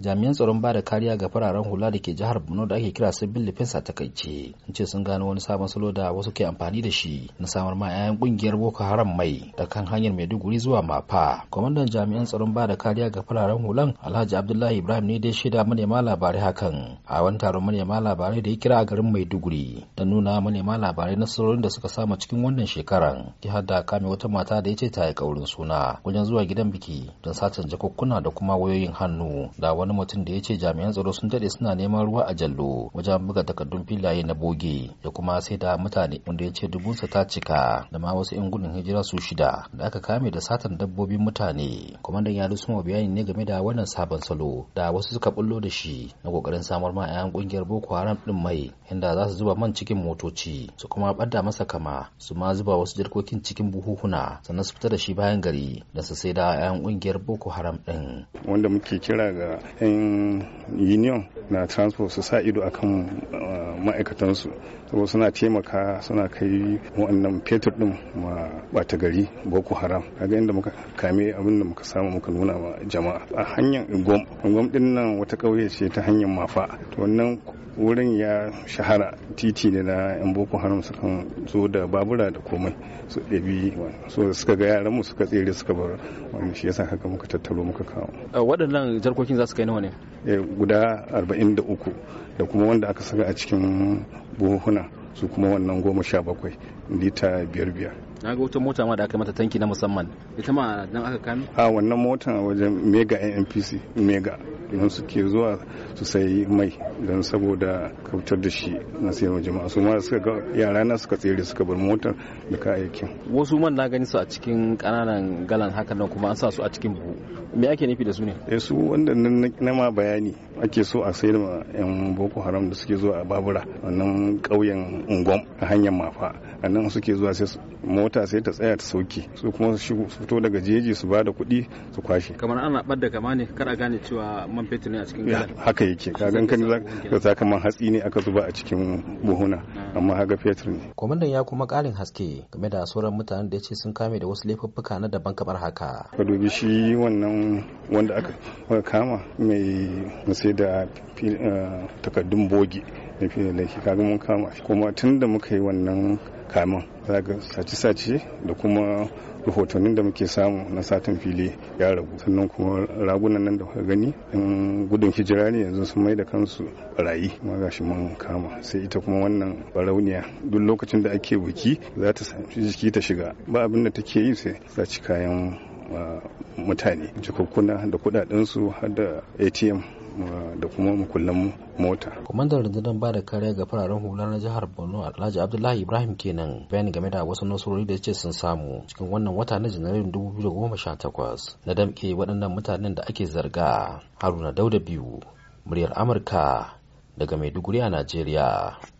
jami'an tsaron ba da kariya ga fararen hula da ke jihar borno da ake kira civil defense a takaice sun ce sun gano wani sabon salo da wasu ke amfani da shi na samar ma 'ya'yan kungiyar boko haram mai da kan hanyar maiduguri zuwa mafa kwamandan jami'an tsaron ba da kariya ga fararen hulan alhaji abdullahi ibrahim ne dai shaida manema labarai hakan a wani taron manema labarai da ya kira a garin maiduguri da nuna manema labarai na nasarorin da suka samu cikin wannan shekaran ya hada kame wata mata da ya ce ta yi kaurin suna wajen zuwa gidan biki don satan jakukkuna da kuma wayoyin hannu da wani wani mutum da ya ce jami'an tsaro sun daɗe suna neman ruwa a jallo wajen buga takardun filaye na boge da kuma sai da mutane wanda ya ce dubunsa ta cika da ma wasu 'yan gudun hijira su shida da aka kame da satan dabbobin mutane kwamandan ya rusu bayani ne game da wannan sabon salo da wasu suka bullo da shi na kokarin samar ma 'yan kungiyar boko haram din mai inda za su zuba man cikin motoci su kuma bada masa kama su ma zuba wasu jarkokin cikin buhuhuna sannan su fita da shi bayan gari da su sai da 'yan kungiyar boko haram din wanda muke kira ga 'yan union na transport su sa ido akan uh, ma'aikatansu saboda suna taimaka suna kai wannan fetur din ma bata gari boko haram kaga inda muka kame abin da muka samu muka nuna ma jama'a a hanyar gom gom din nan wata ƙauye ce ta hanyar mafa to wannan wurin ya shahara titi ne na yan boko haram kan zo da babura da komai su ɗabi so suka ga yaran mu suka tsere suka bar wani shi yasa haka muka tattaro muka kawo waɗannan jarkokin za su kai nawa ne eh, guda 43 da kuma wanda aka saka a cikin buhuhuna su kuma wannan goma sha bakwai lita biyar biyar na ga wata mota ma da aka mata tanki na musamman ita ma nan aka kame a wannan motan wajen mega npc mega don suke zuwa su sayi mai don saboda kautar da shi na sayarwa jama'a su ma suka ga yara na suka tsere suka bar motar da kayayyakin wasu man na gani su a cikin kananan galan haka nan kuma an sa su a cikin buhu me ake nufi da su ne eh su wanda na ma bayani ake so a sayar ma yan boko haram da suke zuwa a babura wannan ƙauyen ungom a hanyar mafa a nan suke zuwa sai mota sai ta tsaya ta sauke su kuma su fito daga jeji su bada kuɗi su kwashe kamar ana ɓadda kama ne kar a gane cewa man fetur ne a cikin galan haka yake ka gan kan ka sakamakon hatsi ne aka zuba a cikin buhuna amma haga fetur ne kwamandan ya kuma karin haske game da sauran mutanen da ya ce sun kame da wasu laifuffuka na daban kamar haka ka dubi shi wannan wanda aka kama mai sai da eh, takardun bogi da fiye da kaga mun kama kuma tun da muka yi wannan kamun sace-sace da kuma rahotannin da muke samu na satin fili ya ragu sannan kuma ragunan nan da kuka gani in gudun hijira ne yanzu sun mai da kansu barayi kuma gashi mun kama sai ita kuma wannan barauniya duk lokacin da ake buki za ta sami jiki ta shiga ba abin da take yi sai za ci kayan ah, mutane jikukkuna da kudadensu har da atm da kuma mukullan mota. Kwamandan rundunar ba da kariya ga fararen hula na jihar Borno Alhaji Abdullahi Ibrahim kenan bayani game da wasu nasarori da ce sun samu cikin wannan wata na Janairun 2018 na damke waɗannan mutanen da ake zarga Haruna Dauda biyu muryar Amurka daga Maiduguri a Najeriya.